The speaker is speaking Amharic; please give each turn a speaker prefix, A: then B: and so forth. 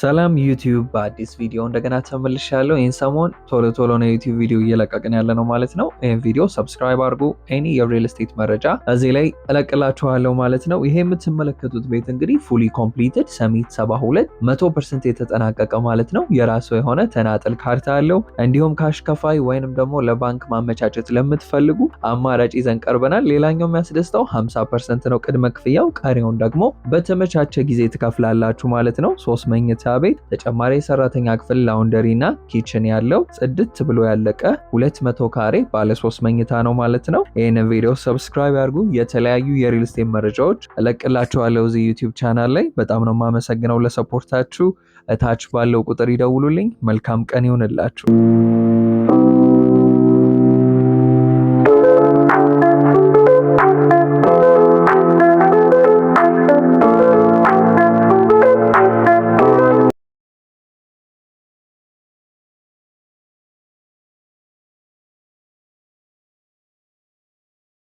A: ሰላም ዩቲዩብ በአዲስ ቪዲዮ እንደገና ተመልሻለሁ። ይህን ሰሞን ቶሎ ቶሎ ነው ዩቲዩብ ቪዲዮ እየለቀቅን ያለ ነው ማለት ነው። ይህን ቪዲዮ ሰብስክራይብ አድርጉ። ኤኒ የሪል ስቴት መረጃ እዚህ ላይ እለቅላችኋለሁ ማለት ነው። ይሄ የምትመለከቱት ቤት እንግዲህ ፉሊ ኮምፕሊትድ ሰሚት 72 መቶ ፐርሰንት የተጠናቀቀ ማለት ነው። የራሱ የሆነ ተናጥል ካርታ አለው። እንዲሁም ካሽ ከፋይ ወይንም ደግሞ ለባንክ ማመቻቸት ለምትፈልጉ አማራጭ ይዘን ቀርበናል። ሌላኛው የሚያስደስተው 50 ፐርሰንት ነው ቅድመ ክፍያው፣ ቀሪውን ደግሞ በተመቻቸ ጊዜ ትከፍላላችሁ ማለት ነው። ሶስት መኝት መኝታ ቤት ተጨማሪ የሰራተኛ ክፍል ላውንደሪ እና ኪችን ያለው ጽድት ብሎ ያለቀ 200 ካሬ ባለ 3 መኝታ ነው ማለት ነው። ይህንን ቪዲዮ ሰብስክራይብ ያድርጉ። የተለያዩ የሪል ስቴት መረጃዎች እለቅላችኋለሁ እዚህ ዩቲዩብ ቻናል ላይ። በጣም ነው የማመሰግነው ለሰፖርታችሁ። እታች ባለው ቁጥር ይደውሉልኝ። መልካም ቀን ይሆንላችሁ።